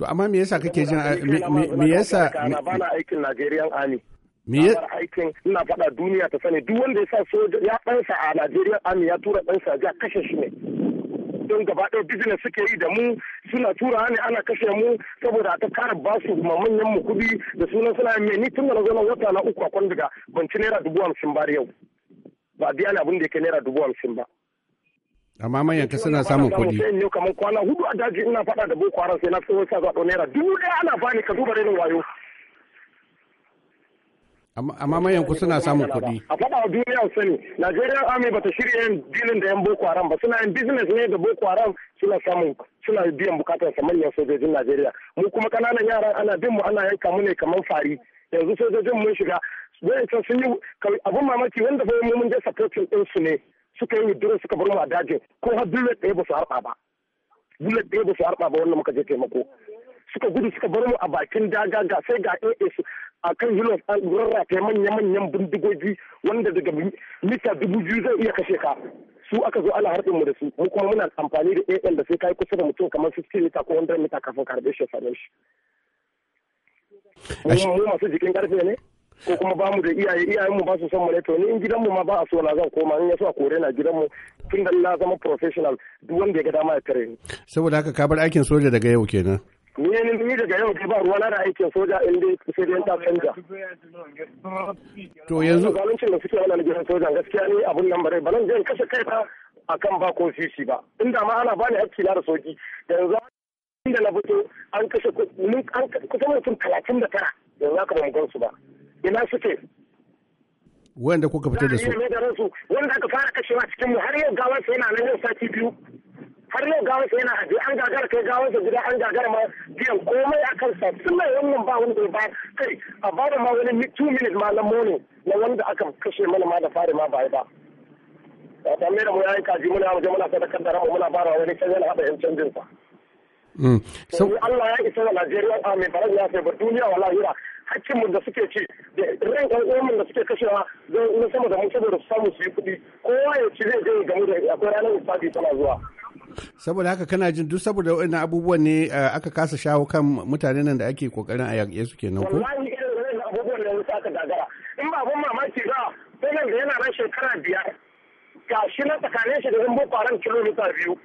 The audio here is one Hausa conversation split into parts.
To amma me yasa kake jin me yasa bana aikin Nigerian Army. Me yasa aikin ina faɗa duniya ta sani duk wanda ya sa soja ya ɗansa a Nigerian Army ya tura ɗansa ga kashe shi ne. don gaba ɗaya business suke yi da mu suna tura ne ana kashe mu saboda ta kara ba su manyan mu kuɗi da sunan suna mai ni tun da na zo na wata na uku a daga ban ci naira dubu hamsin ba yau ba biya ne abin da yake naira dubu hamsin ba. amma manyan ka suna samun kuɗi ne hudu a daji ina faɗa da boko haram sai na fito sa zuwa naira dubu ɗaya ana bani ka duba wayo amma manyan ku suna samun kuɗi a faɗa wa duniya sani Najeriya army bata shirya yin dilin da yan boko haram ba suna yin business ne da boko haram suna samun suna biyan bukatar sa manyan sojojin Najeriya mu kuma kananan yara ana bin mu ana yanka mu ne kamar fari yanzu sojojin mun shiga wayancan sun yi abun mamaki wanda fa mun je supporting din su ne suka yi withdrawal suka bar mu a dajin ko har bullet ɗaya ba su harba ba bullet ɗaya ba su harba ba wannan muka je taimako suka gudu suka bar mu a bakin daga ga sai ga su a kan hilos an rarrafe manya-manyan bindigogi wanda daga mita dubu biyu zai iya kashe ka su aka zo ana harbin mu da su mu kuma muna amfani da AA da sai kai kusa da mutum kamar 50 mita ko 100 mita kafin ka shi ya same shi. Mu masu jikin karfe ne? ko kuma ba mu da iyaye iyayen mu ba su son mu ne to ni gidan mu ma ba a so na zan koma in so a kore na gidan mu tun da na zama professional duk wanda ya ga dama ya tare ni saboda haka ka aikin soja daga yau kenan ni ne ni daga yau ke ba ruwa na da aikin soja in dai sai dai ta canja to yanzu zaluncin da suke wannan gidan soja gaskiya ni abun nan bare ba nan zan kashe kai ta akan ba ko sisi ba inda ma ana bani hakki na da soji yanzu inda na fito an kashe kusan mutum talatin da tara yanzu haka ban gan su ba ina suke wanda kuka fito da su wanda aka fara kashewa cikin mu har yau gawar na nan yau sati biyu har yau gawar yana aje an gagara kai gawar da gida an gagara ma biyan komai a kansa tun mai wannan ba wani bai ba kai a bada ma wani two minutes ma na ne na wanda aka kashe mana ma da fari ma ba ba ba ta mera da mu yayin kaji muna waje muna sadakar da ramu muna bara wani can yana haɗa yan canjin sa. Mm. Allah ya isa wa Najeriya a mai faran ya sai ba duniya wa lahira hakkinmu da suke ci da ran ɗan mu da suke kashewa don na sama da mu saboda su samu su yi kuɗi kowa ya ci zai gani game da akwai ranar lissafi tana zuwa. saboda haka kana jin duk saboda waɗannan abubuwan ne eh, aka kasa shawo kan mutanen nan da ake kokarin a yaƙe su kenan ko. wallahi irin abubuwan ne aka in ba abun mamaki ba sai da yana ran shekara biyar shi na tsakanin shi da yan boko kilomita biyu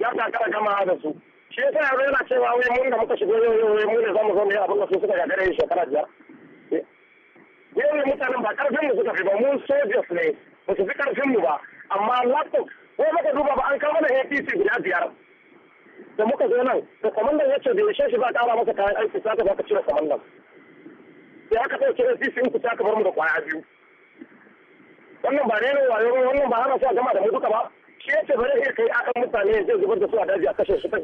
ya gagara gama da su. shi yasa yanzu yana cewa wai mun da muka shigo yau yau wai mun da zamu zo mu yi abin da su suka gagare shi shekara biyar yau mutanen ba karfin mu suka fi ba mun soldiers ne ba su fi karfin mu ba amma laptop ko muka duba ba an kawo mana APC guda biyar da muka zo nan da kwamandan ya ce bai ishe shi ba kara masa kayan aiki sa ka ba ka cire kwamandan sai aka ɗauke APC in ku ka bar mu da kwaya biyu wannan ba rena wayo wannan ba hana su a gama da mu duka ba shi yace bare ya kai akan mutane zai zubar da su a daji a kashe su to